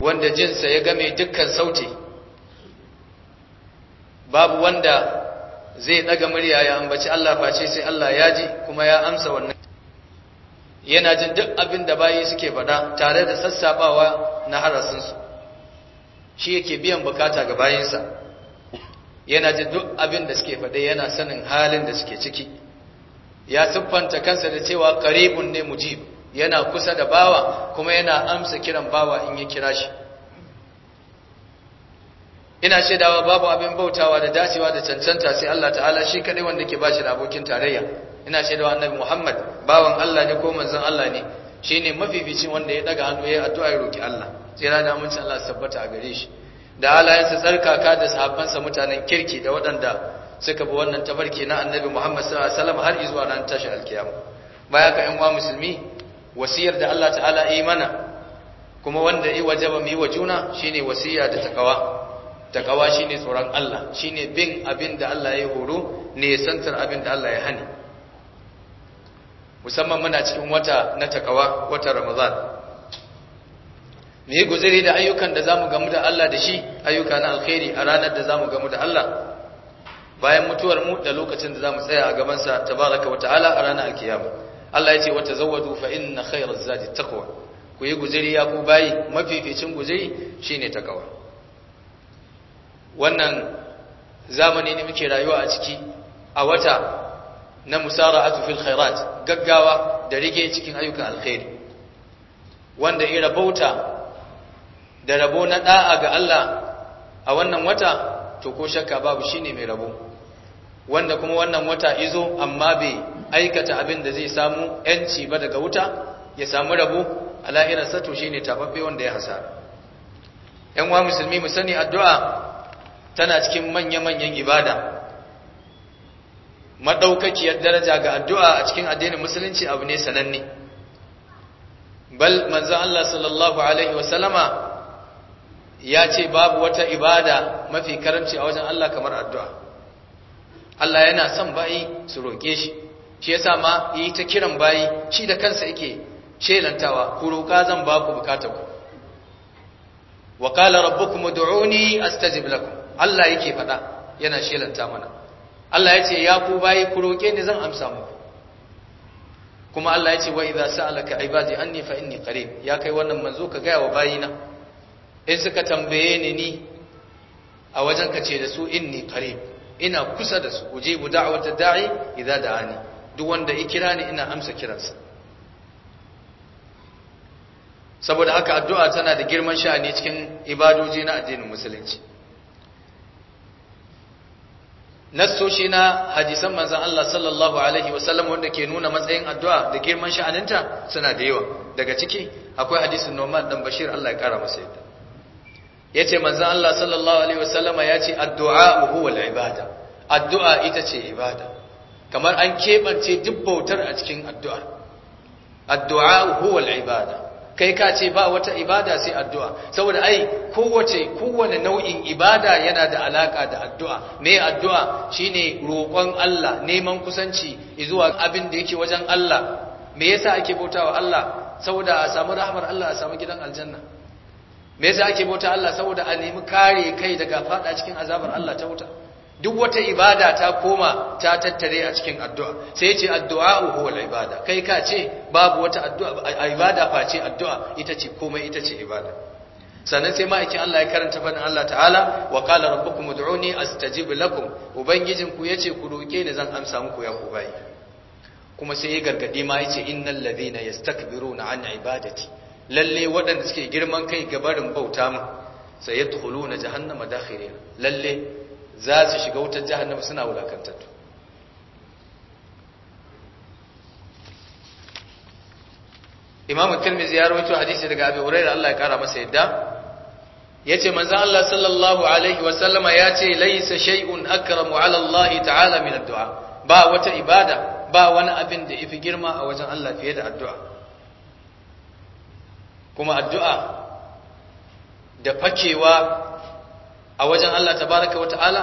wanda jinsa ya game dukkan sauti babu wanda zai daga murya ya ambaci Allah ce sai Allah ya ji kuma ya amsa wannan yana jin duk abin da bayi suke faɗa tare da sassabawa na harasinsu shi yake biyan bukata ga bayinsa yana jin duk abin da suke faɗa yana sanin halin da suke ciki ya siffanta kansa da cewa karibun ne mujib yana kusa da bawa kuma yana amsa kiran bawa in ya kira shi ina shaidawa babu abin bautawa da dacewa da cancanta sai Allah ta'ala shi kadai wanda ke bashi da abokin tarayya ina shaidawa annabi Muhammad bawan Allah ne ko manzon Allah ne shine mafificin wanda ya daga hannu ya addu'a ya roki Allah sai rana mun san Allah sabbata a gare shi da halayensa tsarkaka da sahabbansa mutanen kirki da waɗanda suka bi wannan tafarki na annabi Muhammad sallallahu alaihi wasallam har zuwa ran tashi alkiyama baya ka ƴan uwa musulmi wasiyar da Allah ta'ala yi mana kuma wanda yi wajaba mu yi wa juna shine wasiya da takawa takawa shine tsoron Allah shine bin abin da Allah ya horo ne santar abin da Allah ya hani musamman muna cikin wata na takawa wata Ramadan mu yi guzuri da ayyukan da zamu gamu da Allah da shi ayyuka na alkhairi a ranar da zamu gamu da Allah bayan mutuwar mu da lokacin da zamu tsaya a gaban sa tabaraka wa ta'ala a ranar alkiyama Allah ya ce wata zawadu fa inna khairaz zadi taqwa ku yi guzuri ya ku bayi mafificin guziri shine takawa wannan zamani ne muke rayuwa a ciki a wata na musara'atu fil khairat gaggawa da rike cikin ayyukan alkhairi wanda ya rabauta da rabo na da'a ga Allah a wannan wata to ko shakka babu shine mai rabo wanda kuma wannan wata izo amma bai aikata abin da zai samu yanci ba daga wuta ya samu rabu a sato shi ne tababbe wanda ya hasa Yanwa musulmi musani addu'a tana cikin manya-manyan ibada maɗaukakiyar daraja ga addu'a a cikin addinin musulunci abu ne sananne bal manzan Allah sallallahu alaihi Wasallama ya ce babu wata ibada mafi karamci a wajen Allah kamar addu'a. Allah yana son bayi su roƙe shi, shi yasa ma yi ta kiran bayi shi da kansa yake shelantawa ku roƙa zan ba ku bukatar ku wa qala rabbukum ud'uni astajib lakum Allah yake faɗa yana shelanta mana Allah yace ya ku bayi ku roƙe ni zan amsa muku kuma Allah yace wa idza sa'alaka ibadi anni fa inni qareeb ya kai wannan manzo ka ga wa bayina in suka tambaye ni ni a wajen ka ce da su inni qareeb ina kusa da su ujibu da'wata da'i idza da'ani duk wanda ya kira ni ina amsa kiransa saboda haka addu'a tana da girman sha'ani cikin ibadoji na addinin musulunci nassoshi na hadisan manzan Allah sallallahu alaihi wasallam wanda ke nuna matsayin addu'a da girman sha'aninta suna da yawa daga ciki akwai hadisin Numan dan Bashir Allah ya kara masa yadda yace manzan Allah sallallahu alaihi wasallam ya ce addu'a huwa al-ibada addu'a ita ce ibada kamar an keɓance duk bautar a cikin addu'ar addu'a huwa ibada kai ka ce ba wata ibada sai addu'a saboda ai kowace kowane nau'in ibada yana da alaka da addu'a me addu'a shi ne roƙon Allah neman kusanci zuwa abin da yake wajen Allah me yasa ake bautawa Allah saboda a samu rahamar Allah a samu gidan aljanna me yasa ake bauta Allah saboda a nemi kare kai daga fada cikin azabar Allah ta wuta duk wata ibada ta koma ta tattare a cikin addu'a sai ya ce addu'a huwal ibada kai ka ce babu wata addu'a ibada face addu'a ita ce komai ita ce ibada sannan sai ma'aikin Allah ya karanta fadin Allah ta'ala wa qala rabbukum ud'uni astajib lakum ubangijinku yace ku roke ni zan amsa muku ya ku kuma sai ya gargadi ma yace innal na yastakbiruna an ibadati lalle waɗanda suke girman kai gabarin bauta mu na jahannama dakhirin lalle za su shiga wutar jahannama suna wulakantattu imamu tirmidhi ya rawaito hadisi daga abi hurairah Allah ya kara masa yadda yace manzo Allah sallallahu alaihi wa sallama yace laisa shay'un akramu ala Allah ta'ala min addu'a ba wata ibada ba wani abin da ifi girma a wajen Allah fiye da addu'a kuma addu'a da fakewa a wajen Allah tabaraka wa ta'ala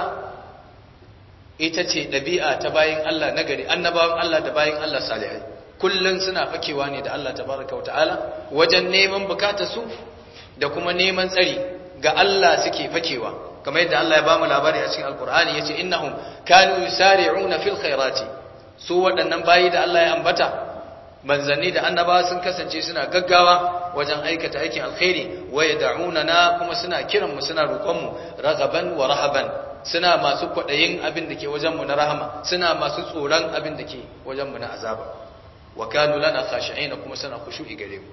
ita ce ɗabi'a ta bayin Allah nagari annabawan Allah da bayin Allah salihai kullum suna fakewa ne da Allah tabaraka wa ta'ala wajen neman bukatarsu da kuma neman tsari ga Allah suke fakewa kamar yadda Allah ya bamu labari a cikin alkur'ani yace innahum kanu yusari'una fil khairati su waɗannan bayi da Allah ya ambata manzanni da annaba sun kasance suna gaggawa wajen aikata aikin alkhairi waya da'unana kuma suna kiranmu suna roƙonmu. mu ragaban wa rahaban suna masu kwaɗayin abin da ke wajenmu na rahama suna masu tsoron abin da ke wajenmu na azaba wa kanu lana khashi'ina kuma suna khushu'i gare mu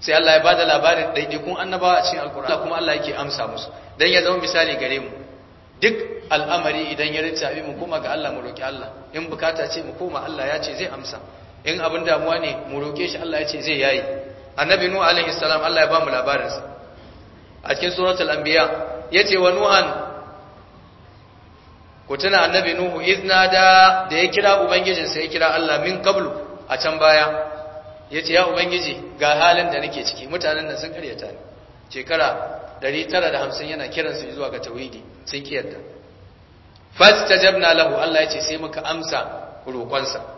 sai Allah ya bada labarin daidikun annabawa a cikin alkur'ani kuma Allah yake amsa musu dan ya zama misali gare mu duk al'amari idan ya rinta mu kuma ga Allah mu roki Allah in bukata ce mu koma Allah ya ce zai amsa in abin damuwa ne mu roke shi Allah ya ce zai yayi annabi nuh alaihi salam Allah ya ba mu labarin sa a cikin suratul anbiya yace wa nuhan ku tuna annabi nuhu iznada da ya kira ubangijin sa ya kira Allah min qablu a can baya yace ya ubangiji ga halin da nake ciki mutanen nan sun karyata ni shekara 950 yana kiran su zuwa ga tauhidi sun kiyarta fastajabna lahu Allah yace sai muka amsa roƙonsa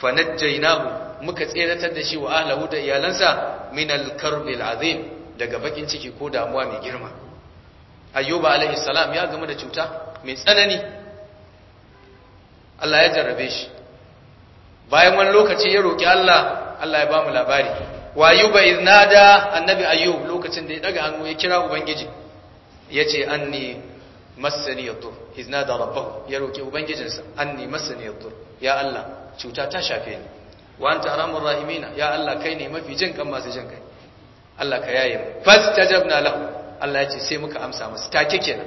fanajjaynahu muka tseratar da shi wa ahlahu da iyalansa min al-karbil azim daga bakin ciki ko damuwa mai girma ayyuba alaihi salam ya gamu da cuta mai tsanani Allah ya jarrabe shi bayan wani lokaci ya roki Allah Allah ya bamu labari wa ayyuba iznada annabi ayyub lokacin da ya daga hannu ya kira ubangiji yace anni masani yadur iznada rabbahu ya roki ubangijinsa anni masani yadur ya Allah cuta ta shafe ni wa anta aramur rahimina ya Allah kai ne mafi jin kan masu jin kai Allah ka yaye mu fastajabna lahu Allah ya ce sai muka amsa masa take kenan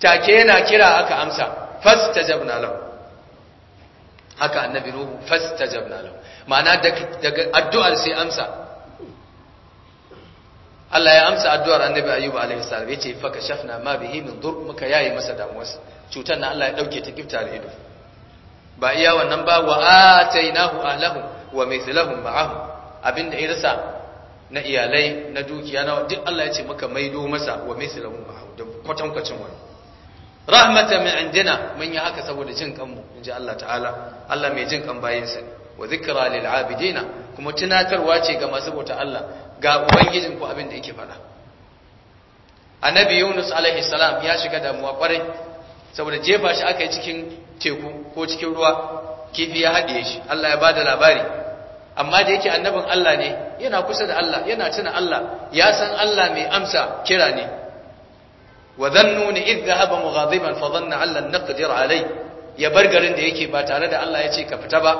take yana kira aka amsa fastajabna lahu haka annabi fas fastajabna lahu ma'ana daga addu'ar sai amsa Allah ya amsa addu'ar annabi ayyub alaihi salam yace fa kashafna ma bihi min dur muka yaye masa damuwarsa cutar na Allah ya dauke ta kifta da ido ba iya wannan ba wa atainahu ahlahu wa mithlahum ma'ahum abinda irsa na iyalai na dukiya na duk Allah ya ce maka maido masa wa mithlahum ma'ahum da kwatankwacin wani rahmatan min indina mun yi haka saboda jin kanmu inji Allah ta'ala Allah mai jin kan bayinsa wa zikra lil abidina kuma tunatarwa ce ga masu bauta Allah ga ubangijin ku abinda yake faɗa annabi Yunus alaihi salam ya shiga damuwa kwarai saboda jefa shi aka yi cikin teku ko cikin ruwa kifi ya haɗe shi Allah ya ba da labari amma da yake annabin Allah ne yana kusa da Allah yana tuna Allah ya san Allah mai amsa kira ne wa dhannuni idh dhahaba mughadiban fa dhanna alla naqdir alai ya bar garin da yake ba tare da Allah ya ce ka fita ba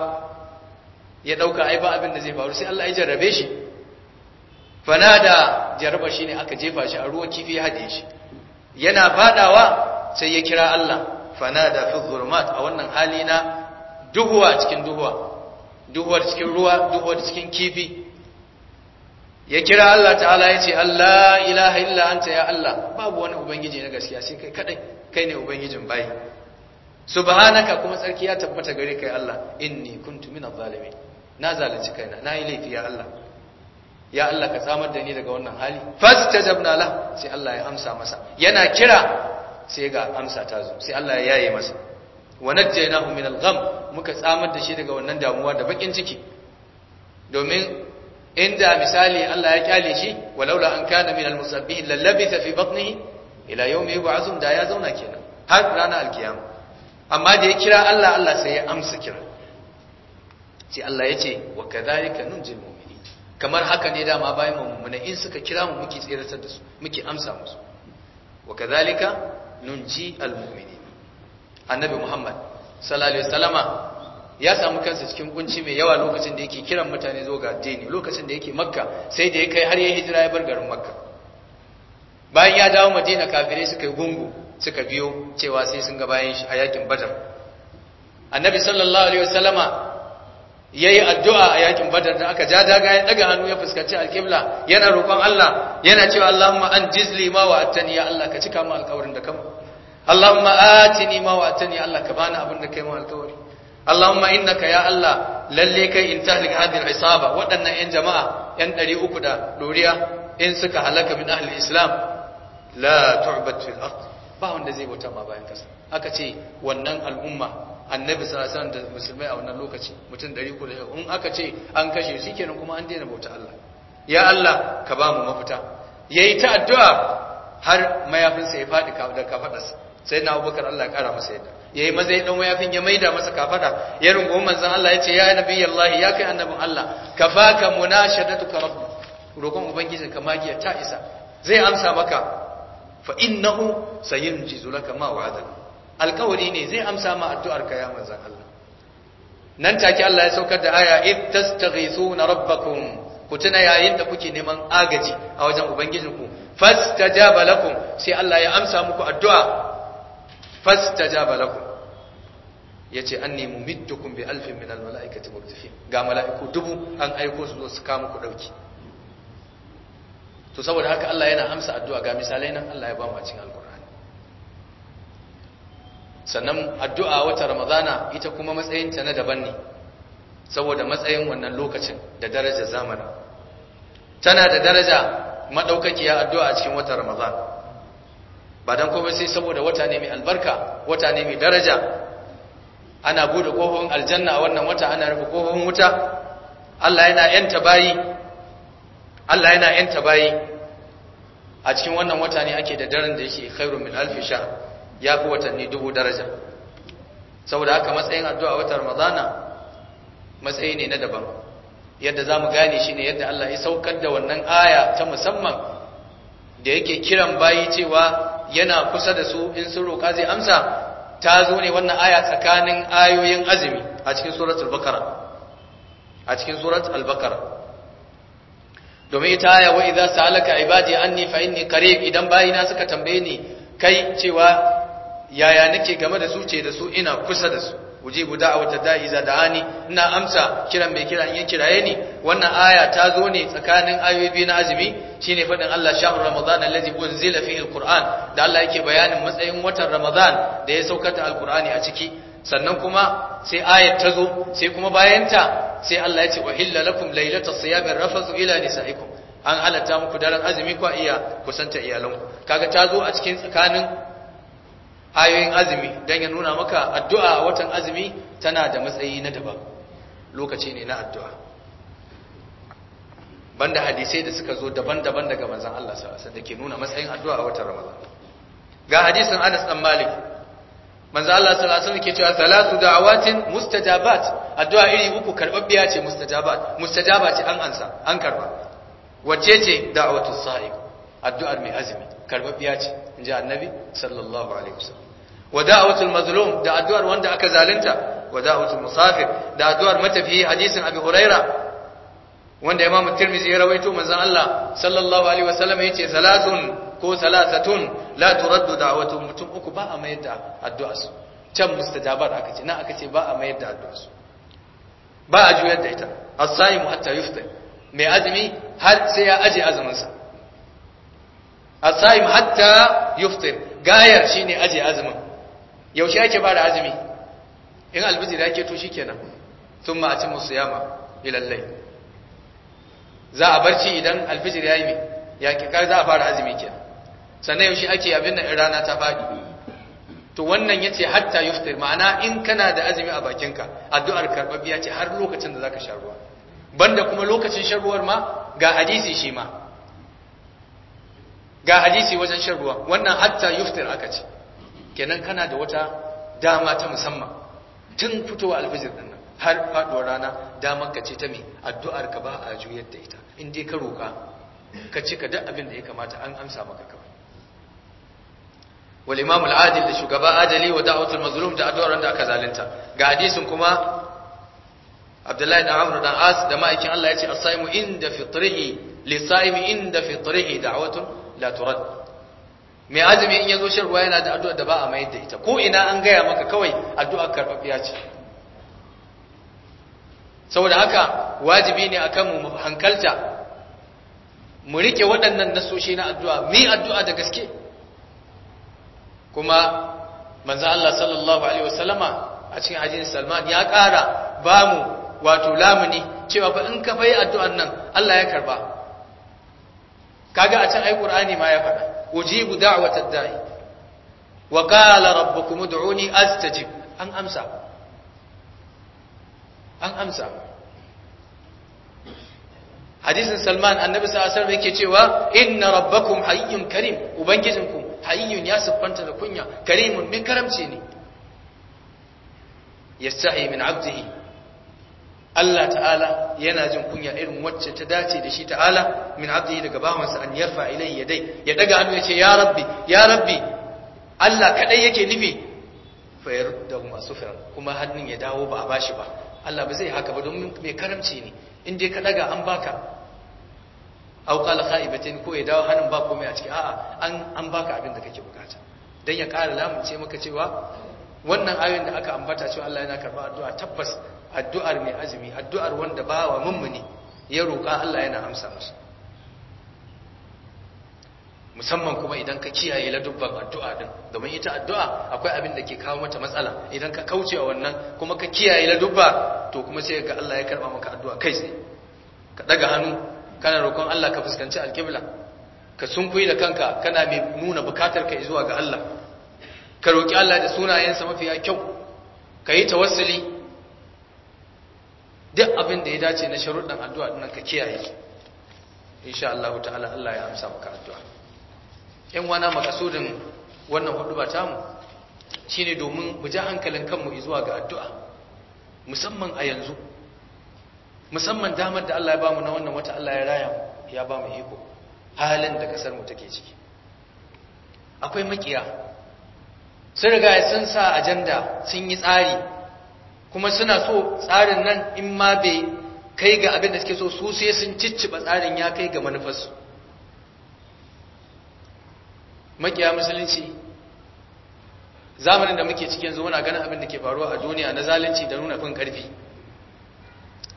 ya dauka ai ba abin da zai faru sai Allah ya jarrabe shi fanada jarraba shine aka jefa shi a ruwan kifi ya haɗe shi yana fadawa sai ya kira Allah fanada fi zulumat a wannan hali na duhuwa cikin duhuwa duhuwar cikin ruwa duhuwar cikin kifi ya kira Allah ta'ala ya ce Allah ilaha illa anta ya Allah babu wani ubangiji na gaskiya sai kai kadai kai ne ubangijin bayi subhanaka kuma tsarki ya tabbata gare kai Allah inni kuntu minaz zalimin na zalunci kaina na yi laifi ya Allah ya Allah ka samar da ni daga wannan hali fastajabna la sai Allah ya amsa masa yana kira sai ga amsa ta zo sai Allah ya yaye masa wa najjaynahu min al-gham muka tsamar da shi daga wannan damuwa da bakin ciki domin inda misali Allah ya kyale shi walaula an kana min al-musabbihin lallabitha fi batnihi ila yawmi yub'athun da ya zauna kenan har ranar alkiyama amma da ya kira Allah Allah sai ya amsa kira sai Allah ya ce wa kadhalika nunjil mu'minin kamar haka ne dama mu, mu'mina in suka kira mu muke tsiratar da su muke amsa musu wa kadhalika al-mumini annabi muhammad sallallahu alaihi ya samu kansa cikin kunci mai yawa lokacin da yake kiran mutane zo ga addini lokacin da yake makka sai da ya kai har ya hijira ya bar garin makka bayan ya dawo madina kafirai suka yi gungu suka biyo cewa sai sun ga bayan shi a yakin badar annabi sallallahu alaihi wasallama yayi addu'a a yakin badar da aka ja daga ya daga hannu ya fuskanci alqibla yana roƙon Allah yana cewa Allahumma anjizli ma wa'atani ya Allah ka cika mu alƙawarin da kama Allahumma atini ma wa'atani ya Allah ka bani abin da kai mu alƙawari Allahumma innaka ya Allah lalle kai in tahlik hadhihi al-isaba waɗannan yan jama'a yan 300 da doriya in suka halaka min ahli islam la tu'bad fil ard ba wanda zai bauta ma bayan kasa aka ce wannan al'umma annabi sallallahu alaihi da musulmai a wannan lokaci mutum 300 in aka ce an kashe shi kenan kuma an daina bauta Allah ya Allah ka ba mu mafita yayi ta addu'a har mayafinsa ya fadi da kafadarsa sai na Abubakar Allah ya kara masa yadda yayi maza ya dan mayafin ya maida masa kafada ya rungu manzon Allah ya ce ya Allah ya kai annabin Allah kafaka munashadatuka rabbi roƙon ubangijin ka magiya ta isa zai amsa maka fa innahu sayunjizu laka ma wa'adaka alkawari ne zai amsa ma addu'ar ka ya manzan Allah nan take Allah ya saukar da aya id tastaghithuna rabbakum ku tuna yayin da kuke neman agaji a wajen ubangijinku fastajaba lakum sai Allah ya amsa muku addu'a fastajaba lakum yace anni mumiddukum bi alfin min al malaikati murdifin ga mala'iku dubu an aiko su zo su kama ku dauki to saboda haka Allah yana amsa addu'a ga misalai nan Allah ya ba mu a cikin alƙur'ani sannan addu'a wata ramadana ita kuma matsayinta na daban ne saboda matsayin wannan lokacin da daraja zamani tana da daraja madaukakiya addu'a a cikin wata Ramadana. ba don komai sai saboda wata ne mai albarka wata ne mai daraja ana bude kofofin aljanna a wannan wata ana rufe kofofin wuta Allah yana yanta bayi Allah yana yanta bayi a cikin wannan wata ne ake da daren da yake khairu min alfi shahr ya fi watanni dubu daraja saboda haka matsayin addu'a wata ramadana matsayi ne na daban yadda za mu gane shi ne yadda Allah ya saukar da wannan aya ta musamman da yake kiran bayi cewa yana kusa da su in sun roƙa zai amsa ta zo ne wannan aya tsakanin ayoyin azumi a cikin surat al-bakara a cikin surat al-bakara domin ita aya wa idza sa'alaka ibadi anni fa inni qarib idan bayina suka tambaye ni kai cewa yaya nake game da su ce da su ina kusa da su a wata da'i za ani ina amsa kiran mai kira in ya kiraye ni wannan aya ta zo ne tsakanin ayoyi na azumi shine fadin Allah sha'ur ramadan allazi unzila fihi alquran da Allah yake bayanin matsayin watan ramadan da ya saukata alqurani a ciki sannan kuma sai ayat ta zo sai kuma bayanta sai Allah ya ce wahilla lakum laylatas siyamir rafasu ila nisaikum an halatta muku daren azumi ko iya kusanta iyalanku kaga ta zo a cikin tsakanin ayoyin azumi don ya nuna maka addu'a a watan azumi tana da matsayi na daban lokaci ne na addu'a banda hadisai da suka zo daban-daban daga manzan Allah sa'asa da ke nuna matsayin addu'a a watan ramadan ga hadisun anas ɗan malik manzan Allah sa'asa da ke cewa salatu awatin mustajabat addu'a iri uku karɓaɓɓiya ce mustajabat Mustajabat ce an ansa an karɓa wacce ce da'awatu sa'i addu'ar mai azumi karɓaɓɓiya ce in ji annabi sallallahu alaihi wasallam wa da'watul mazlum da addu'ar wanda aka zalunta wa da'watul musafir da addu'ar matafiyi hadisin abi huraira wanda imam tirmidhi ya rawaito manzon Allah sallallahu alaihi wasallam yace salatun ko salasatun la turaddu da'watu mutum uku ba a mayar da addu'a su can mustajabat aka ce na aka ce ba a mayar da addu'a su ba a juyar da ita as-saimu hatta yufṭir mai azumi har sai ya aje azumin sa Asa'im hatta yuftir gayar shine aje azumin yaushe ake fara azumi in alfijir yake to shikenan thumma atimu siyama ila al za a barci idan alfijir yayi ya ki kai za a fara azumi kenan sannan yaushe ake abin nan rana ta fadi to wannan yace hatta yuftir ma'ana in kana da azumi a bakinka addu'ar karbabiya ce har lokacin da zaka sha ruwa banda kuma lokacin sharuwar ruwar ma ga hadisi shi ma ga hadisi wajen shan ruwa wannan hatta yuftir aka ce kenan kana da wata dama ta musamman tun fitowa alfijir din nan har faduwar rana damar ka ce ta me addu'ar ka ba a juyar da ita in dai ka roka ka cika duk abin da ya kamata an amsa maka kawai wal imam al adil da shugaba adali wa da'watul mazlum da addu'ar da aka zalunta ga hadisin kuma Abdullahi da Amr da As da ma'aikin Allah ya ce as-saimu inda fitrihi lis-saimi inda fitrihi da'watun la turad mai azumi in yazo shan ruwa yana da addu'a da ba a mayar da ita ko ina an gaya maka kawai addu'a karfafiya ce saboda haka wajibi ne akan mu hankalta mu rike waɗannan nasoshi na addu'a mu addu'a da gaske kuma manzo Allah sallallahu alaihi wasallama a cikin hadisin Salman ya ƙara ba mu wato lamuni cewa ba in ka bai addu'an nan Allah ya karba kaga a can ai qur'ani ma ya faɗa ujibu da'watad da'i wa qala rabbukum ud'uni astajib an amsa an amsa hadisin salman annabi sallallahu alaihi wasallam yake cewa inna rabbakum hayyun karim ubangijinku hayyun ya siffanta da kunya karimun mai karamci ne yastahi min abdihi Allah ta'ala yana jin kunya irin wacce ta dace da shi ta'ala min abdihi daga bawansa an yarfa ya dai ya daga hannu ya ce ya rabbi ya rabbi Allah kadai yake nufi fa yarda masu sufran kuma hannun ya dawo ba a bashi ba Allah ba zai haka ba domin mai karamci ne in dai ka daga an baka au qala khaibatin ko ya dawo hannun ba komai a ciki a'a an an baka abin da kake bukata dan ya ƙara ce maka cewa wannan ayoyin da aka ambata cewa Allah yana karba addu'a tabbas addu'ar mai azumi addu'ar wanda bawa mummuni ya roƙa Allah yana amsa masa musamman kuma idan ka kiyaye ladubban addu'a din domin ita addu'a akwai abin da ke kawo mata matsala idan ka kauce wa wannan kuma ka kiyaye ladubba to kuma sai ga Allah ya karɓa maka addu'a kai tsaye ka ɗaga hannu kana roƙon Allah ka fuskanci alƙibla ka sunkuyi da kanka kana mai nuna bukatar ka zuwa ga Allah ka roƙi Allah da sunayensa mafiya kyau ka yi tawassuli duk abin da ya dace na sharuɗin addu'a ɗin ka kiyaye insha Allah ta'ala Allah ya amsa maka addu'a in wana makasudin wannan hudu ba tamu shine domin mu ja hankalin kanmu zuwa ga addu'a musamman a yanzu musamman damar da Allah ya bamu na wannan wata Allah ya raya mu ya bamu iko halin da kasar mu take ciki akwai makiya sun riga sun sa ajanda sun yi tsari kuma suna so tsarin nan in ma bai kai ga abin da suke so su sai sun cicciba tsarin ya kai ga manufarsu makiya musulunci zamanin da muke cikin zuwa muna ganin abin da ke faruwa a duniya na zalunci da nuna fin karfi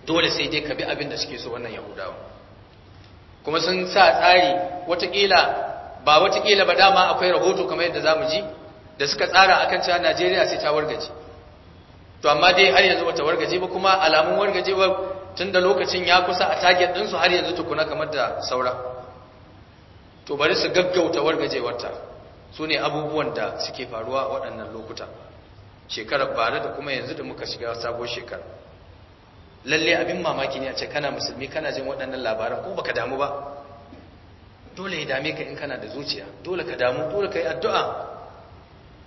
dole sai dai ka bi abin da suke so wannan yahudawa kuma sun sa tsari watakila ba watakila ba dama akwai rahoto kamar yadda zamu ji da suka tsara akan cewa najeriya sai ta wargaje to amma dai har yanzu wata wargaje ba kuma alamun wargaje ba tunda lokacin ya kusa a target din su har yanzu tukuna kamar da saura to bari su gaggauta wargajewarta su ne abubuwan da suke faruwa waɗannan lokuta shekarar bare da kuma yanzu da muka shiga sabon shekara lalle abin mamaki ne a ce kana musulmi kana jin waɗannan labaran ko baka damu ba dole ya dame ka in kana da zuciya dole ka damu dole ka yi addu'a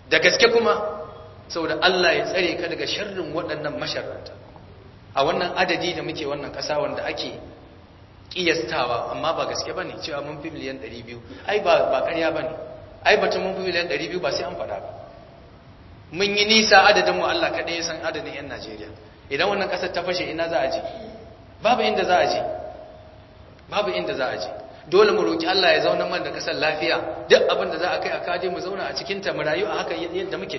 da gaske kuma saboda Allah ya tsare ka daga sharrin waɗannan masharrata a wannan adadi da muke wannan ƙasa wanda ake ƙiyastawa, amma ba gaske ba ne cewa mun fi miliyan 200 ai ba ƙarya ba ne ai batun mun fi miliyan 200 ba sai an faɗa ba mun yi nisa adadin mu Allah kaɗai ya san adadin 'yan Najeriya idan wannan ƙasar ta fashe ina za a je babu inda za a je babu inda za a je dole mu roki Allah ya zauna mana da ƙasar lafiya duk abin da za a kai a kaje mu zauna a cikin ta mu rayu a haka yadda muke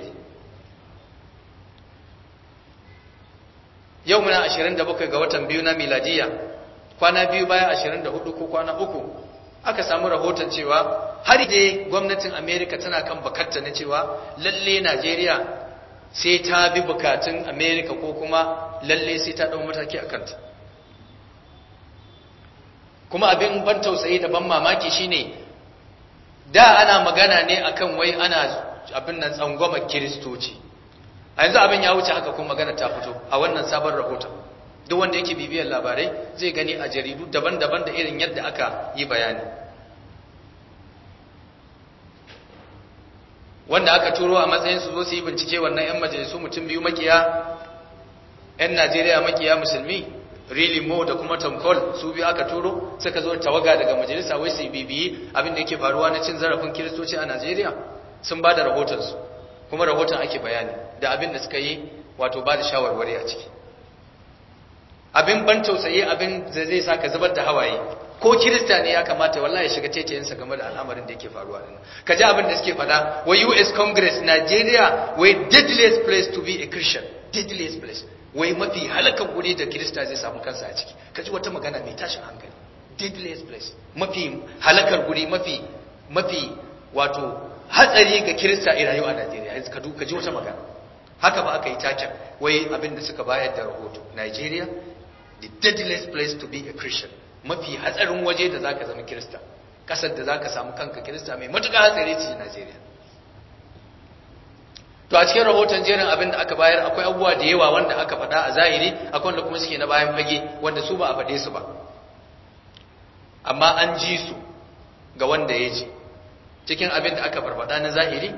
yau muna 27 ga watan biyu na miladiya kwana biyu baya 24 ko kwana uku aka samu rahoton cewa har dai gwamnatin Amerika tana kan bakatta na cewa lalle najeriya sai ta bi bukatun Amerika, ko kuma lalle sai ta ɗau mataki a kanta kuma abin ban tausayi da ban mamaki shine da ana magana ne akan wai ana abin nan tsangwama kiristoci a yanzu abin ya wuce haka kuma magana ta fito a wannan sabon rahoton duk wanda yake bibiyar labarai zai gani a jaridu daban-daban da irin yadda aka yi bayani wanda aka turo a matsayin su zo su yi bincike wannan 'yan majalisu mutum biyu makiya 'yan najeriya makiya musulmi really mo da kuma tom cole su biyu aka turo suka zo tawaga daga majalisa wai su bibiyi abin da yake faruwa na cin zarafin kiristoci a najeriya sun ba da rahotonsu kuma rahoton ake bayani da abin da suka yi wato ba da shawarwari a ciki abin ban tausayi abin da zai sa ka zubar da hawaye ko kirista ne ya kamata wallahi shiga tetayensa game da al'amarin da yake faruwa din ka ji abin da suke fada wai US Congress Nigeria wai deadliest place to be a Christian deadliest place wai mafi halakan guri da kirista zai samu kansa a ciki ka ji wata magana mai tashin hankali deadliest place mafi halakar guri mafi mafi wato hatsari ga kirista a rayuwa a Najeriya ka ji wata magana haka ba aka yi taken wai abin da suka bayar da rahoto Nigeria the deadliest place to be a Christian mafi hatsarin waje da zaka zama Kirista kasar da zaka samu kanka Kirista mai matuƙar hatsari ce Nigeria to a cikin rahoton jerin abin da aka bayar akwai abubuwa da yawa wanda aka faɗa a zahiri akwai wanda kuma suke na bayan fage wanda su ba a faɗe su ba amma an ji su ga wanda ya ji cikin abin da aka farfada na zahiri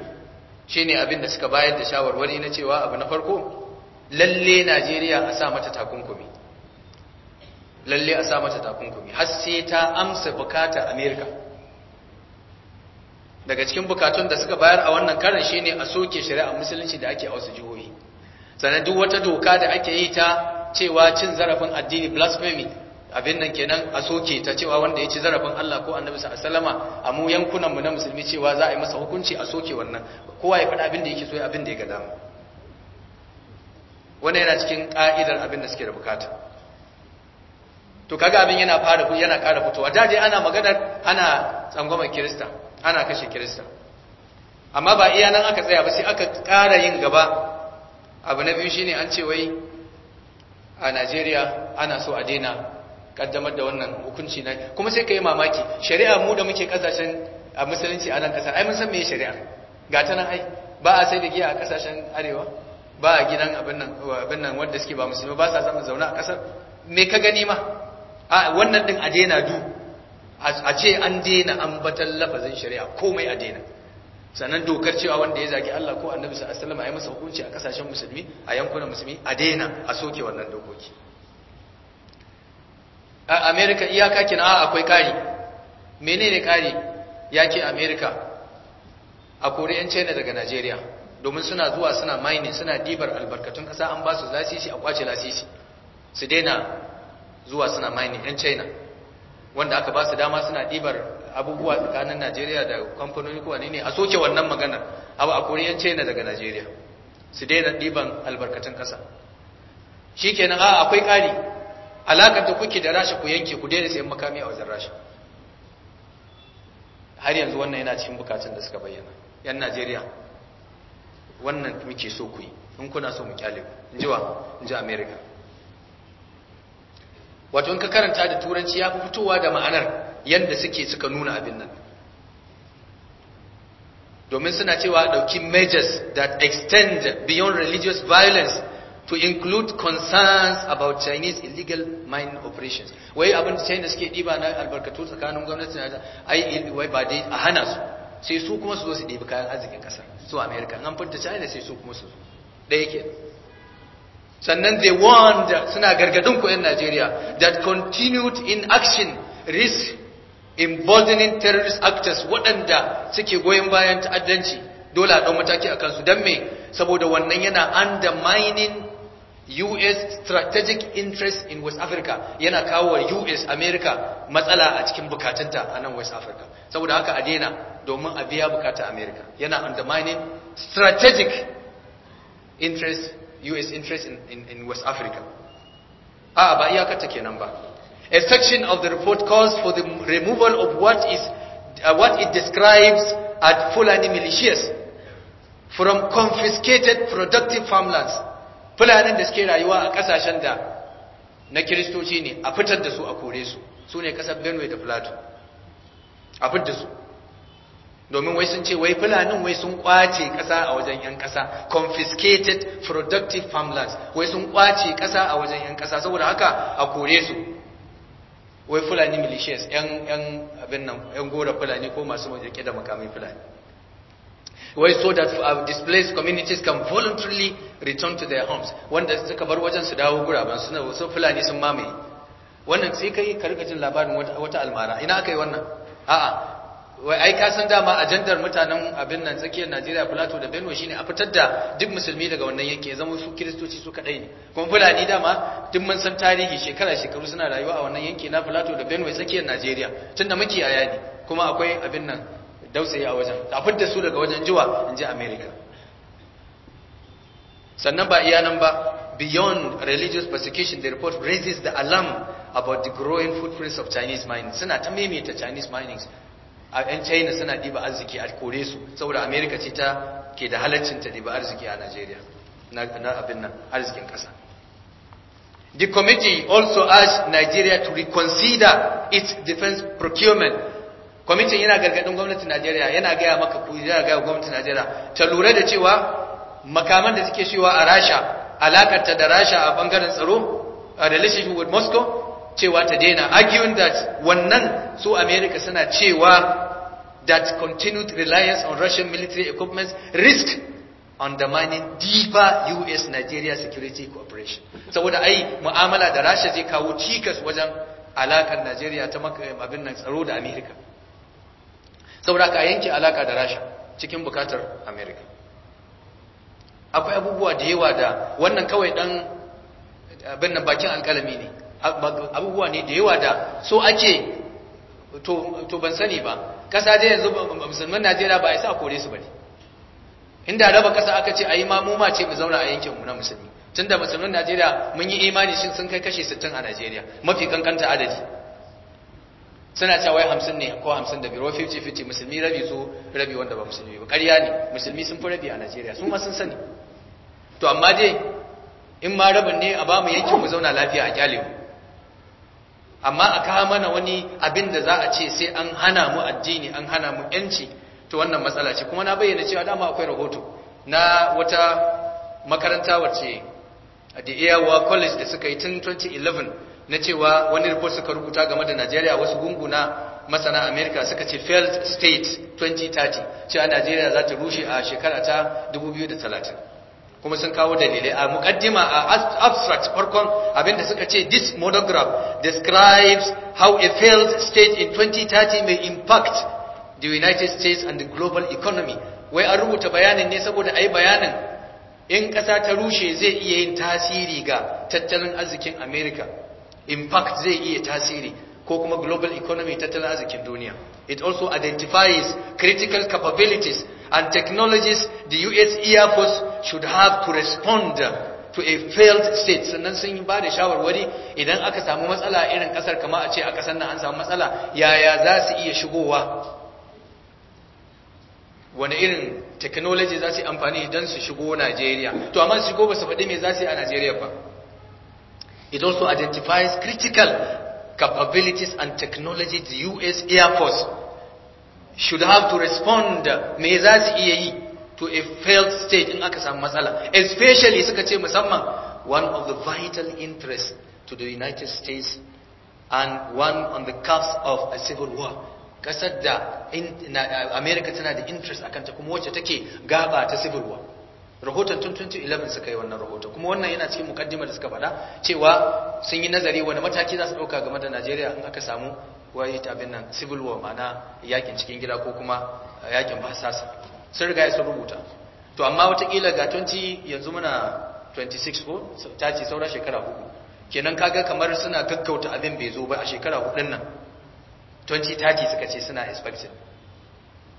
Shi ne abin da suka bayar da shawarwari na cewa abu na farko lalle Najeriya a sa mata takunkumi lalle a sa mata takunkumi har sai ta amsa bukatar Amerika daga cikin bukatun da suka bayar a wannan karin ne a soke shari'a musulunci da ake a wasu jihohi sannan duk wata doka da ake yi ta cewa cin zarafin addini blasphemy abin nan kenan a soke ta cewa wanda ya ci zarafin Allah ko annabi sallama a mu yankunan mu na musulmi cewa za a yi masa hukunci a soke wannan kowa ya faɗa abin da yake so abin da ya ga dama wannan yana cikin ka'idar abin da suke da bukata to kaga abin yana fara yana ƙara fitowa daje ana magana ana tsangwamar kirista ana kashe kirista amma ba iya nan aka tsaya ba sai aka ƙara yin gaba abu na biyu shine an ce wai a Najeriya ana so a daina kaddamar da wannan hukunci na kuma sai ka yi mamaki shari'a mu da muke kasashen a musulunci a nan kasar ai mun san me shari'a ga ta nan ai ba a sai da giya a kasashen arewa ba a gidan abin nan abin nan wanda suke ba musulmi ba sa samun zauna a kasar me ka gani ma a wannan din a daina du a ce an daina an lafazin shari'a komai a daina sannan dokar cewa wanda ya zagi Allah ko Annabi sallallahu alaihi wasallam a yi masa hukunci a kasashen musulmi a yankunan musulmi a daina a soke wannan dokoki a america iyaka kina a akwai kari menene kari yake america a kori china daga nigeria domin suna zuwa suna mining suna dibar albarkatun kasa an ba su lasisi a kwace lasisi su daina zuwa suna mining yan china wanda aka ba su dama suna dibar abubuwa tsakanin Najeriya da kamfanoni ko ne a soke wannan maganar abu a koriyan China daga Najeriya su daina diban albarkatun ƙasa kenan a akwai ƙari alakar da kuke da rasha ku yanke ku daina sayan makami a wajen rasha har yanzu wannan yana cikin bukatun da suka bayyana yan najeriya wannan muke so ku yi in kuna so mu kyale ku in ji wa in ji america wato in ka karanta da turanci ya fi fitowa da ma'anar yadda suke suka nuna abin nan domin suna cewa dauki measures that extend beyond religious violence to include concerns about Chinese illegal mine operations wai abin da China suke diba na albarkatu tsakanin gwamnati na ai wai ba dai a hana su sai su kuma su zo su ɗebi kayan arzikin ƙasar? su Amerika? an fita China sai su kuma su zo ɗaya ke sannan they warned suna gargadin ku yan Najeriya that continued inaction risk emboldening terrorist actors waɗanda suke goyon bayan ta'addanci dole a ɗau mataki a kansu don me saboda wannan yana undermining US strategic interest in West Africa yana kawo US America matsala a cikin bukatunta a nan West Africa saboda haka a daina domin a biya bukata America yana undermining strategic interest US interest in, in, in West Africa a ba iyakarta kenan ba a section of the report calls for the removal of what is uh, what it describes as Fulani militias from confiscated productive farmlands fulanin da suke rayuwa a kasashen da na kiristoci ne a fitar da su a kore su su ne kasar benue da plato a fitar da su domin wai sun ce wai fulanin wai sun kwace kasa a wajen yan kasa confiscated productive farmlands wai sun kwace kasa a wajen yan kasa saboda haka a kore su wai fulani militias yan abin nan yan gora fulani ko masu rike da makamai fulani wai so that displaced communities can voluntarily return to their homes wanda suka bar wajen su dawo guraben su so fulani sun mamaye wannan sai kai ka rika jin labarin wata almara ina aka yi wannan a'a wai ai ka san dama ajandar mutanen abin nan tsakiyar Najeriya Plateau da Benue shine a fitar da duk musulmi daga wannan yanki zama su kiristoci su kadai ne kuma fulani dama duk mun san tarihi shekara shekaru suna rayuwa a wannan yanki na Plateau da Benue tsakiyar Najeriya tunda muke a yadi kuma akwai abin nan dausayi a wajen a fitar su daga wajen jiwa in ji america sannan ba iya nan ba beyond religious persecution the report raises the alarm about the growing footprints of chinese mining suna ta maimaita chinese mining a yan china suna diba arziki a kore su saboda america ce ta ke da halaccin ta diba arziki a nigeria na abin nan arzikin kasa The committee also urged Nigeria to reconsider its defense procurement kwamitin yana gargadin gwamnatin Najeriya yana gaya maka ku yana gaya gwamnatin Najeriya ta lura da cewa makaman da suke shiwa a Rasha alakarta da Rasha a bangaren tsaro a relationship with Moscow cewa ta daina arguing that wannan su America suna cewa that continued reliance on Russian military equipment risk undermining deeper US Nigeria security cooperation saboda ai mu'amala da Rasha zai kawo cikas wajen alakar Najeriya ta eh, abin nan tsaro da America saboda ka yanke alaka da rasha cikin bukatar america akwai abubuwa da yawa da wannan kawai dan abin nan bakin alkalami ne abubuwa ne da yawa da so ake to ban sani ba kasa dai yanzu musulman najeriya ba a isa kore su ba ne inda raba kasa aka ce a yi mamuma ce mu zauna a mu na musulmi tunda musulmin najeriya mun yi imani sun kai kashe 60 a najeriya mafi kankanta adadi suna cewa wai hamsin ne ko hamsin da biro 50-50 musulmi rabi su rabi wanda ba musulmi ba ƙarya ne musulmi sun fi rabi a najeriya su ma sun sani to amma dai in ma rabin ne a ba mu yankin mu zauna lafiya a kyale mu amma a kawo mana wani abin da za a ce sai an hana mu addini an hana mu yanci to wannan matsala ce kuma na bayyana cewa dama akwai rahoto na wata makaranta wacce da iyawa college da suka yi tun 2011 na cewa wani report suka rubuta game da Najeriya wasu gunguna masana Amerika suka ce failed state 2030 cewa Najeriya za ta rushe a shekara ta 2030 kuma sun kawo dalilai a mukaddima a abstract farkon abinda suka ce this monograph describes how a failed state in 2030 may impact the United States and the global economy wai an rubuta bayanin ne saboda ai bayanin in kasa ta rushe zai iya yin tasiri ga tattalin arzikin Amerika. impact zai iya tasiri ko kuma global economy tattalin arzikin duniya it also identifies critical capabilities and technologies the US Air Force should have to respond to a failed state sannan sun yi ba da shawarwari idan aka samu matsala irin kasar kama a ce a kasar nan an samu matsala yaya za su iya shigowa wani irin technology za su yi amfani idan su shigo Najeriya to amma su shigo ba su faɗi me za su yi a Najeriya ba It also identifies critical capabilities and technology the U.S. Air Force should have to respond me za iya yi to a failed state in aka samu matsala. Especially suka ce musamman one of the vital interests to the United States and one on the cusp of a civil war. Kasar da America tana da interest a kanta kuma wacce take gaba ta civil war. rahoton tun 2011 suka yi wannan rahoton kuma wannan yana cikin mukaddima da suka faɗa cewa sun yi nazari wani mataki za su ɗauka game da najeriya in aka samu waye ta abin nan civil war ma'ana yakin cikin gida ko kuma yakin basasa sun riga sun rubuta to amma watakila ga 20 yanzu muna 26 ko ta ce saura shekara hudu kenan kaga kamar suna gaggauta abin bai zo ba a shekara hudu nan 2030 suka ce suna expecting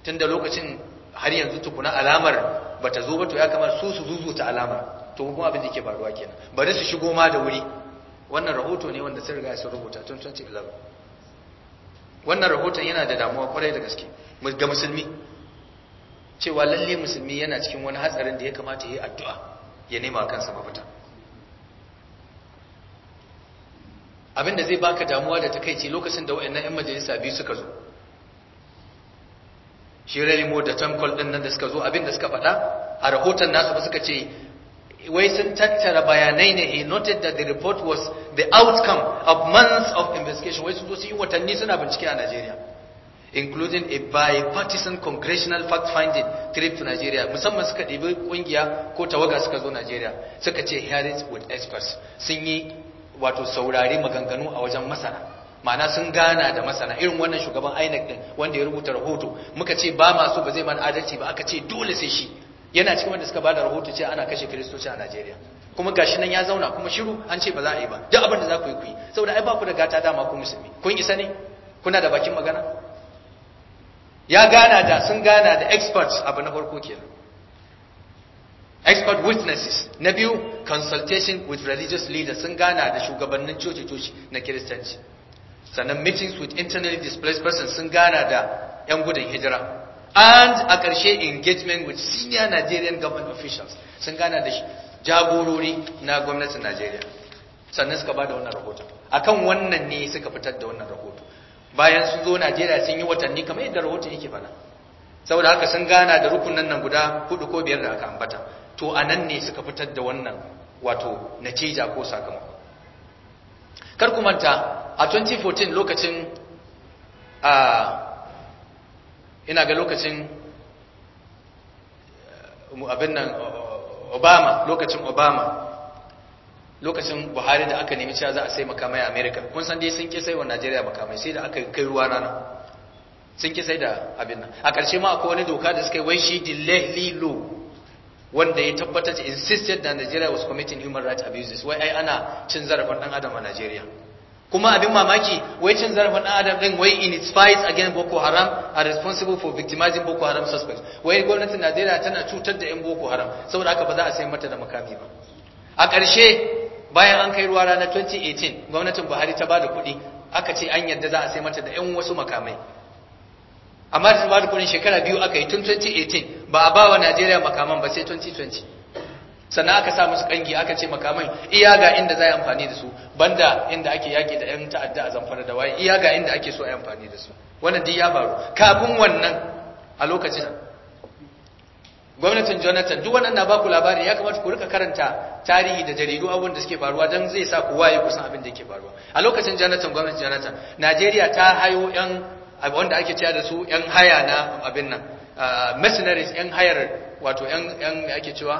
tunda lokacin har yanzu tukuna alamar Ba ta zo ba to ya kamar su su ta alama to kuma abin da yake faruwa kenan bari su shigo ma da wuri wannan rahoto ne wanda sun riga sun rubuta tun 2011 wannan rahoton yana da damuwa kwarai da gaske ga musulmi cewa lalle musulmi yana cikin wani hatsarin da ya kamata ya yi addu'a ya nema kansa mafita abinda zai baka damuwa da takaici lokacin da wayannan 'yan majalisa biyu suka zo shi Renimo da Tankol din nan da suka zo abin da suka faɗa a rahoton nasu ba suka ce wai sun tattara bayanai ne he noted that the report was the outcome of months of investigation wai sun zo sun yi watanni suna bincike a Najeriya including a bipartisan congressional fact finding trip to Nigeria musamman suka ɗibi ƙungiya ko tawaga suka zo Nigeria suka ce hearings with experts sun yi wato saurari maganganu a wajen masana ma'ana sun gana da masana irin wannan shugaban INEC din wanda ya rubuta rahoto muka ce ba masu ba zai mana adalci ba aka ce dole sai shi yana cikin wanda suka bada rahoto ce ana kashe kiristoci a Najeriya kuma gashi nan ya zauna kuma shiru an ce ba za a yi ba duk abin da za ku yi ku yi saboda ai ba ku da gata dama ku musulmi kun isa ne kuna da bakin magana ya gana da sun gana da experts abu na farko kenan expert witnesses na biyu consultation with religious leaders sun gana da shugabannin coci-coci na kiristanci sannan meetings with internally displaced persons sun gana da 'yan gudun hijira and a ƙarshe engagement with senior Nigerian government officials sun gana da jagorori na gwamnatin Najeriya sannan suka ba da wannan rahoto akan wannan ne suka fitar da wannan rahoto bayan sun zo Najeriya sun yi watanni kamar yadda rahoton yake fana saboda haka sun gana da rukunan nan guda hudu ko biyar da aka ambata to a nan ne suka fitar da wannan wato natija ko sakamako kar manta a 2014 lokacin a ina ga lokacin abin nan obama lokacin obama lokacin buhari da aka nemi cewa za a sai makamai a america kun san dai sun ki sai wa najeriya makamai sai da aka kai ruwa rana sun ki sai da abin nan a ƙarshe ma akwai wani doka da suka yi wai shi delay lilo. wanda ya tabbatar da insisted that Nigeria was committing human rights abuses wai ai ana cin zarafin dan adam a Nigeria kuma abin mamaki wai cin zarafin dan adam din wai in its fight against Boko Haram are responsible for victimizing Boko Haram suspects wai gwamnatin Najeriya tana cutar da yan Boko Haram saboda haka ba za a sai mata da makami ba a ƙarshe bayan an kai ruwa ranar 2018 gwamnatin Buhari ta bada kuɗi aka ce an yadda za a sai mata da yan wasu makamai amma da ba da kuɗin shekara biyu aka yi tun 2018 ba a ba wa Najeriya makaman ba sai 2020 sannan aka sa musu kangi aka ce makaman iya ga inda za a yi amfani da su banda inda ake yaƙi da 'yan ta'adda a zamfara da waye iya ga inda ake so a yi amfani da su wannan duk ya faru kafin wannan a lokacin gwamnatin jonathan duk wannan na ba ku labari ya kamata ku rika karanta tarihi da jaridu abubuwan da suke faruwa don zai sa ku waye kusan abin da yake faruwa a lokacin jonathan gwamnatin jonathan najeriya ta hayo 'yan wanda ake cewa da su 'yan haya na abin nan Uh, mercenaries yan hayar wato yan yan ake cewa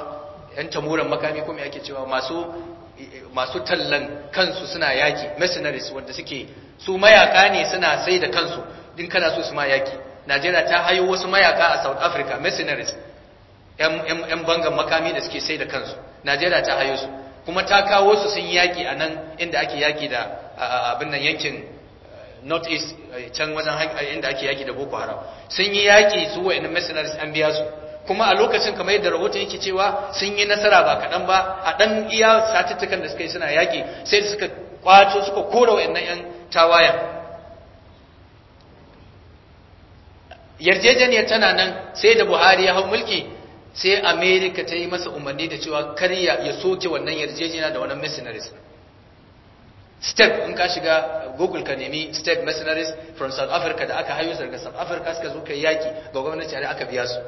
yan tamuran makami ko me ake cewa masu tallan kansu suna yaki mercenaries wanda suke su mayaka ne suna sai da kansu din kana so su ma yaki Najeriya ta hayo wasu mayaka a South Africa mercenaries yan bangan makami da suke sai da kansu Najeriya ta hayo su kuma ta kawo su sun yaki a nan inda ake yaki da abin nan yankin north east eh, can wajen eh, inda ake yaki da boko haram sun yi yaki su inda mercenaries an biya su kuma a lokacin kamar yadda rahoton yake cewa sun yi nasara ba kaɗan ba a ɗan iya satuttukan da suka yi suna yaki sai suka kwato suka kora wa'annan 'yan tawayan yarjejeniyar tana nan sai da buhari ya hau mulki sai amerika ta yi masa umarni da cewa kar ya soke wannan yarjejeniya da wannan mercenaries step in ka shiga google ka nemi state mercenaries from south africa da aka hayo daga south africa suka zo kai yaki ga gwamnati are aka biya su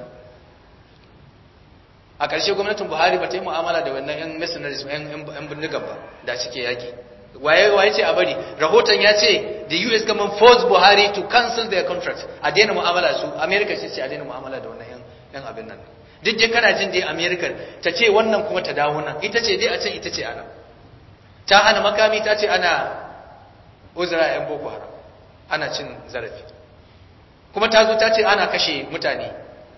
a ƙarshe gwamnatin buhari ba ta yi mu'amala da wannan yan mercenaries yan bindigan ba da suke yaki waye waye ce a bari rahoton ya ce the us government forced buhari to cancel their contract a daina mu'amala su america ce ce a daina mu'amala da wannan yan abin nan duk je kana jin dai america ta ce wannan kuma ta dawo nan ita ce dai a can ita ce ana ta hana makami ta ce ana uzura yan boko haram ana cin zarafi kuma ta zo ta ce ana kashe mutane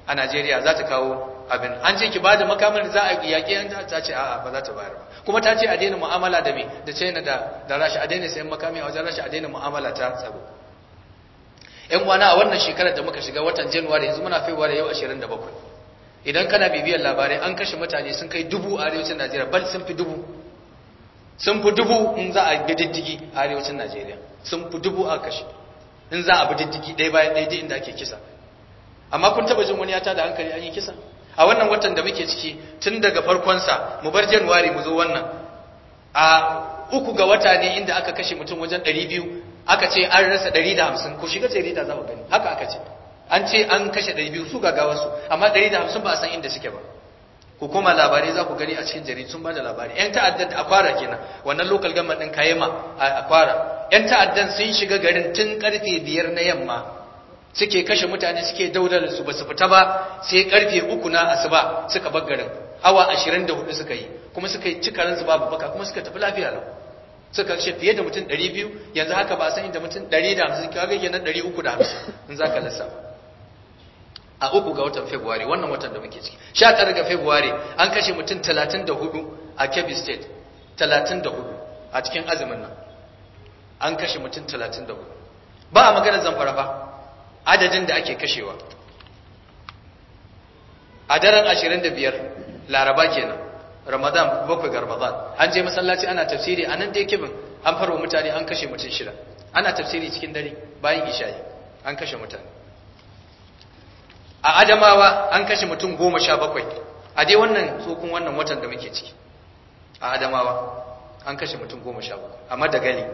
a Najeriya za ta kawo abin an ce ki ba da makamin za a yaƙi yan ta ce a'a ba za ta bayar ba kuma ta ce a daina mu'amala da me da China da da rashi a daina sayan makami a wajen rashi a daina mu'amala ta tsaro yan uwana a wannan shekarar da muka shiga watan January yanzu muna da yau ashirin da bakwai idan kana bibiyar labarai an kashe mutane sun kai dubu a arewacin Najeriya bal sun fi dubu sun fi dubu in za a bi diddigi a arewacin najeriya sun fi dubu a kashe in za a bi diddigi ɗaya bayan ɗaya duk inda ake kisa amma kun taɓa jin wani ya tada hankali an yi kisa a wannan watan da muke ciki tun daga farkonsa mu bar januwari mu zo wannan a uku ga wata ne inda aka kashe mutum wajen ɗari biyu aka ce an rasa ɗari da hamsin ko shiga jarida za mu gani haka aka ce an ce an kashe ɗari biyu su gagawarsu amma ɗari da hamsin ba a san inda suke ba ku kuma labarai za ku gani a cikin jari sun bada labarai. yan ta'addan a kwara kenan wannan local government din kayema a kwara yan ta'addan sun shiga garin tun karfe biyar na yamma suke kashe mutane suke daular su basu fita ba sai karfe uku na asuba suka bar garin awa 24 suka yi kuma suka yi cikarin su babu baka kuma suka tafi lafiya lau suka kashe fiye da mutum 200 yanzu haka ba san inda mutum 150 kaga da 350 in zaka lissafa a uku ga watan February wannan watan da muke ciki 19 ga February an kashe mutum 34 a Kebbi State 34 a cikin azumin nan an kashe mutum 34 ba a maganar zamfara ba adadin da ake kashewa a daren 25 laraba kenan ramadan bakwai ga ramadan an je masallaci ana tafsiri a nan dai kibin an farwa mutane an kashe mutum shida ana tafsiri cikin dare bayan isha'i an kashe mutane a adamawa an kashe mutum goma sha bakwai a dai wannan tsokun wannan watan da muke ciki a adamawa an kashe mutum goma sha bakwai a madagali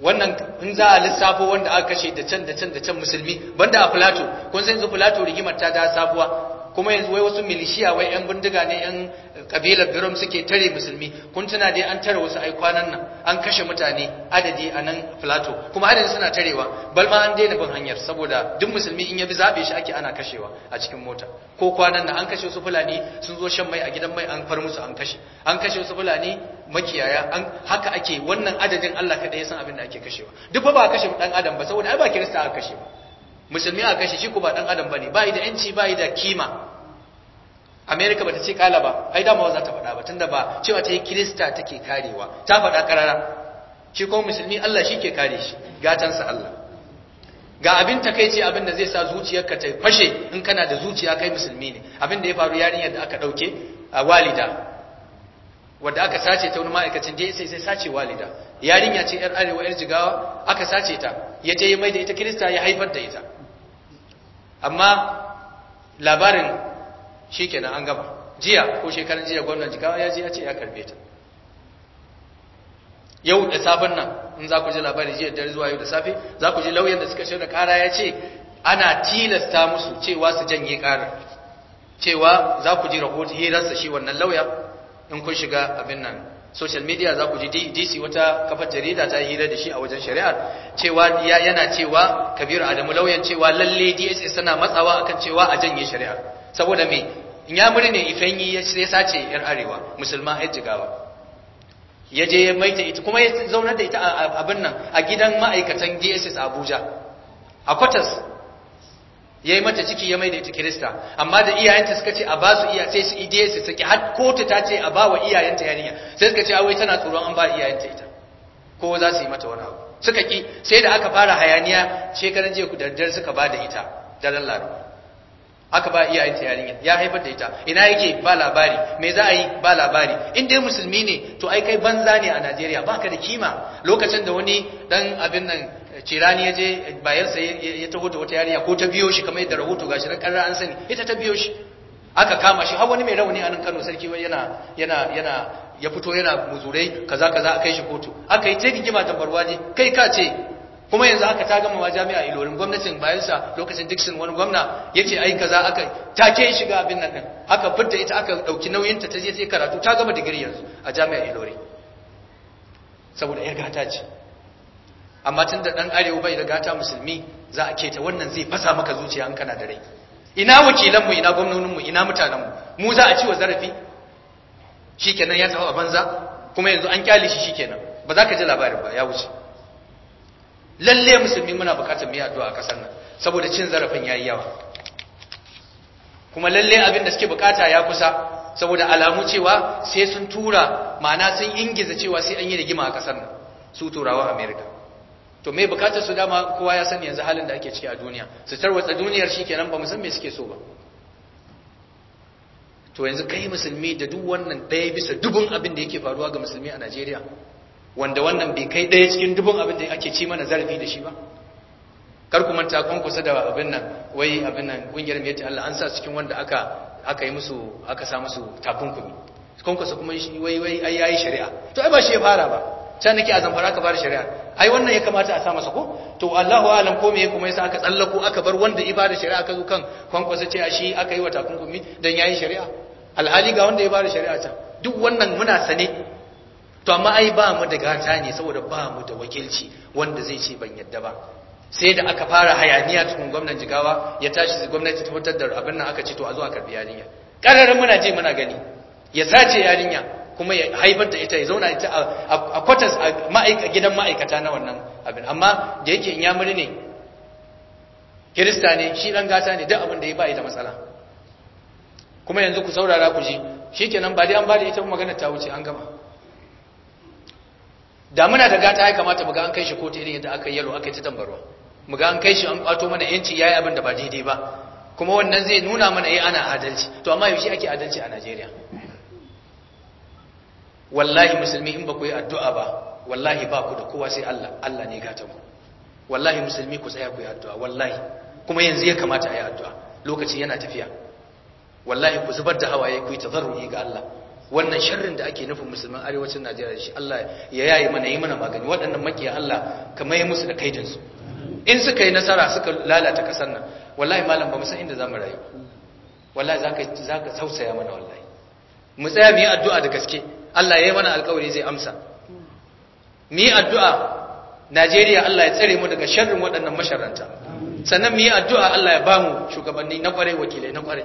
wannan in za a lissafo wanda aka kashe da can da can da can musulmi banda a filato kun san yanzu filato rigimar ta da sabuwa kuma yanzu wai wasu milishiya wai yan bindiga ne yan kabilar birom suke tare musulmi kun tuna dai an tare wasu ai kwanan nan an kashe mutane adadi a nan filato kuma adadin suna tarewa bal ma an daina bin hanyar saboda duk musulmi in ya bi zabe shi ake ana kashewa a cikin mota ko kwanan nan an kashe su fulani sun zo shan mai a gidan mai an far musu an kashe an kashe su fulani makiyaya an haka ake wannan adadin Allah kadai ya san abin da ake kashewa duk ba ba kashe dan adam ba saboda ai ba kirista aka kashe ba musulmi a kashe shi ko ba dan adam bane bai da yanci bai da kima america bata ce kala ba ai ma za ta faɗa ba tunda ba cewa ta yi kirista take karewa ta faɗa karara shi ko musulmi Allah shi ke kare shi gatansa Allah ga abin takeici abin da zai sa zuciyarka ta fashe in kana da zuciya kai musulmi ne abin da ya faru yarinyar da aka dauke a walida wanda aka sace ta wani ma'aikacin da sai sai sace walida yarinya ce yar arewa yar jigawa aka sace ta ya ta mai da ita kirista ya haifar da ita amma labarin shi kenan an gaba jiya ko shekarun jiya gwamnan Jika ya ji ce ya karbe ta yau da sabon nan in za ku ji labari jiya dare zuwa yau da safe za ku ji lauyan da suka shirya kara ya ce ana tilasta musu cewa su janye karar cewa za ku ji rahoton hirarsa shi wannan lauya in kun shiga abin nan social media za ku ji DC wata kafar jarida ta hira da shi a wajen shari'ar cewa yana cewa Kabir Adamu lauyan cewa lalle DSS tana matsawa akan cewa a janye shari'a saboda me in ya muri ne ifenyi ya sace yar arewa musulma ya jigawa ya je ya maita ita kuma ya zauna da ita a abin nan a gidan ma'aikatan DSS Abuja a kwatas yayi mata ciki ya maida ita kirista amma da iyayenta suka ce a ba su iya sai su ide su saki har kotu ta ce a ba wa iyayenta yarinya sai suka ce a wai tana tsoron an ba iyayenta ita ko za su yi mata wani abu suka ki sai da aka fara hayaniya shekaran jiya ku daddare suka ba da ita daren laraba aka ba iyayenta yarinya ya haifar da ita ina yake ba labari me za a yi ba labari in dai musulmi ne to ai kai banza ne a Najeriya baka da kima lokacin da wani dan abin nan cirani ya je bayansa ya taho da wata yarinya ko ta biyo shi kamar yadda rahoto gashi na karar an sani ita ta biyo shi aka kama shi har wani mai rauni a nan Kano sarki wai yana yana yana ya fito yana muzurai kaza kaza akai shi kotu aka yi ta rigima tambarwa ne kai ka ce kuma yanzu aka ta gama jami'a ilorin gwamnatin bayansa lokacin Dixon wani gwamna ya ce ai kaza aka take shiga abin nan din aka fidda ita aka dauki nauyin ta ta je ta karatu ta gama digiri yanzu a jami'a ilori saboda yar gata ce amma tun da ɗan arewa bai da gata musulmi za a keta wannan zai fasa maka zuciya an kana da rai ina wakilanmu ina gwamnoninmu ina mutanenmu mu za a ci wa zarafi kenan ya tafi a banza kuma yanzu an kyale shi kenan ba za ka ji labarin ba ya wuce lalle musulmi muna bukatar mu yi addu'a a ƙasar nan saboda cin zarafin yayi yawa kuma lalle abin da suke bukata ya kusa saboda alamu cewa sai sun tura ma'ana sun ingiza cewa sai an yi rigima a ƙasar nan su turawa Amerika. to me bukatar su dama kowa ya sani yanzu halin da ake ciki a duniya su tarwatsa duniyar shikenan ba mu san me suke so ba to yanzu kai musulmi da duk wannan ɗaya bisa dubun abin da yake faruwa ga musulmi a Najeriya wanda wannan bai kai ɗaya cikin dubun abin da ake ci mana zarafi da shi ba kar ku manta kun kusa da abin nan wai abin nan kungiyar mai Allah an sa cikin wanda aka aka yi musu aka sa musu takunkumi kun kusa kuma wai wai ai yayi shari'a to ai ba shi ya fara ba sai nake a zamfara ka bar shari'a ai wannan ya kamata a sa masa ko to Allahu alam ko me kuma yasa aka tsallako aka bar wanda ibada shari'a ka zo kan kwankwasa ce a shi aka yi wa takunkumi dan yayi shari'a alhali ga wanda ya bada shari'a ta duk wannan muna sane to amma ai ba mu da gata ne saboda ba mu da wakilci wanda zai ce ban yadda ba sai da aka fara hayaniya cikin gwamnatin jigawa ya tashi gwamnati ta fitar da abin nan aka ce to a zo a karbi yarinya kararin muna je muna gani ya sace yarinya kuma ya haifar da ita ya zauna ita a kwatas a gidan ma'aikata na wannan abin amma da yake in yamuri ne kirista ne shi ɗan gata ne duk abin da ya ba da matsala kuma yanzu ku saurara ku ji nan ba dai an ba da ita magana ta wuce an gama da muna da gata ya kamata mu ga an kai shi kotu irin yadda aka yi yalo aka yi ta tambarwa mu ga an kai shi an kwato mana yanci yi abin da ba daidai ba kuma wannan zai nuna mana yi eh, ana adalci to amma yaushe ake adalci a Najeriya wallahi musulmi in ba ku yi addu'a ba wallahi ba ku da kowa sai Allah Allah ne gata ku wallahi musulmi ku tsaya ku yi addu'a wallahi kuma yanzu ya kamata a yi addu'a lokaci yana tafiya wallahi ku zubar da hawaye ku yi tazarru'i ga Allah wannan sharrin da ake nufin musulman arewacin Najeriya shi Allah ya yayi mana yi mana magani waɗannan makiya Allah kamar ya musu da kaidin su in suka yi nasara suka lalata kasar nan wallahi malam ba mu san inda zamu rayu wallahi zaka zaka tausaya mana wallahi mu tsaya mu yi addu'a da gaske Allah ya yi mana alkawari zai amsa mu yi addu'a Najeriya Allah ya tsare mu daga sharrin waɗannan masharanta sannan mu yi addu'a Allah ya bamu shugabanni na kwarai wakilai na kwarai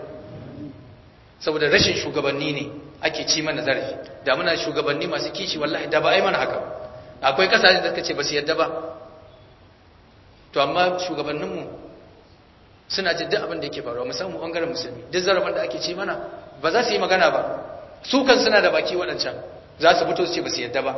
saboda rashin shugabanni ne ake ci mana zarafi da muna shugabanni masu kishi wallahi da ba a mana haka akwai kasashe da suka ce ba su yadda ba to amma shugabanninmu suna jin duk abin da yake faruwa musamman bangaren musulmi duk zarafin da ake ci mana ba za su yi magana ba sukan suna da baki waɗancan za su fito su ce ba su yadda ba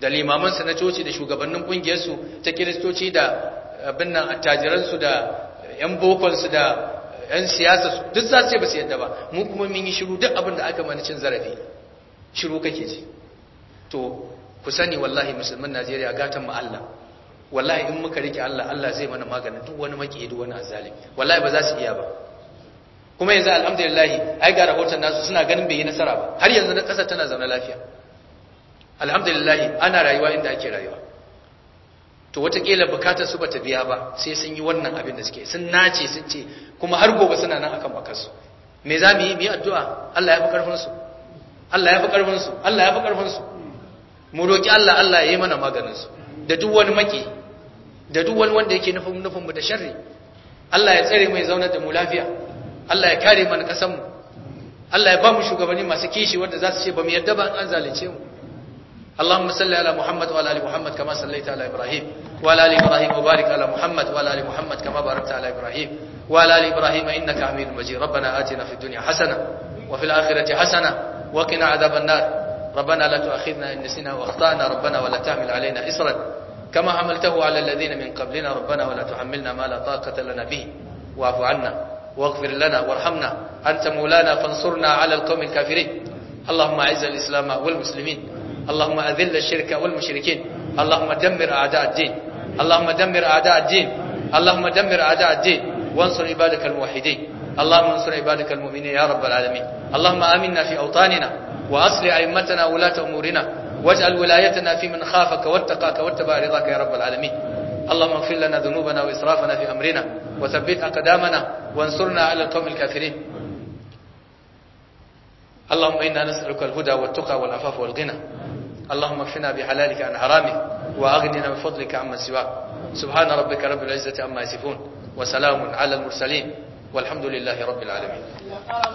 da limamansu na coci da shugabannin ƙungiyarsu ta kiristoci da abin nan attajiransu da 'yan bokonsu da 'yan siyasa su duk za su ce ba su yadda ba mu kuma mun yi shiru duk abin da aka mana cin zarafi shiru kake ji to ku sani wallahi musulmin najeriya gatan mu allah wallahi in muka rike allah allah zai mana maganin duk wani maki duk wani azali wallahi ba za su iya ba kuma yanzu alhamdulillah ai ga rahoton nasu suna ganin bai yi nasara ba har yanzu na ƙasa tana zaune lafiya alhamdulillah ana rayuwa inda ake rayuwa to wataƙila bukatar su bata biya ba sai sun yi wannan abin da suke sun nace sun ce kuma har gobe suna nan akan bakarsu me za mu yi mu yi addu'a Allah ya fi karfin su Allah ya fi karfin su Allah ya fi karfin su mu roki Allah Allah ya yi mana maganin su da duk wani maki da duk wani wanda yake nufin nufin mu da sharri Allah ya tsare mu ya zauna da mu lafiya Allah ya kare mana kasan mu Allah ya ba mu shugabanni masu kishi wanda za su ce ba mu yarda ba an zalunce mu اللهم صل على محمد وعلى ال محمد كما صليت على ابراهيم وعلى ال ابراهيم وبارك على محمد وعلى ال محمد كما باركت على ابراهيم وعلى ال ابراهيم انك حميد مجيد ربنا آتنا في الدنيا حسنه وفي الاخره حسنه وقنا عذاب النار ربنا لا تؤاخذنا ان نسينا واخطانا ربنا ولا تحمل علينا اصرا كما حملته على الذين من قبلنا ربنا ولا تحملنا ما لا طاقه لنا به واعف عنا واغفر لنا وارحمنا أنت مولانا فانصرنا على القوم الكافرين اللهم أعز الإسلام والمسلمين اللهم أذل الشرك والمشركين اللهم دمر أعداء الدين اللهم دمر أعداء الدين اللهم دمر أعداء الدين وانصر عبادك الموحدين اللهم انصر عبادك المؤمنين يا رب العالمين اللهم آمنا في أوطاننا وأصل أئمتنا ولاة أمورنا واجعل ولايتنا في من خافك واتقاك واتبع رضاك يا رب العالمين اللهم اغفر لنا ذنوبنا وإسرافنا في أمرنا وثبت أقدامنا وانصرنا على القوم الكافرين اللهم إنا نسألك الهدى والتقى والعفاف والغنى اللهم اكفنا بحلالك عن حرامك وأغننا بفضلك عما سواك سبحان ربك رب العزة عما يصفون وسلام على المرسلين والحمد لله رب العالمين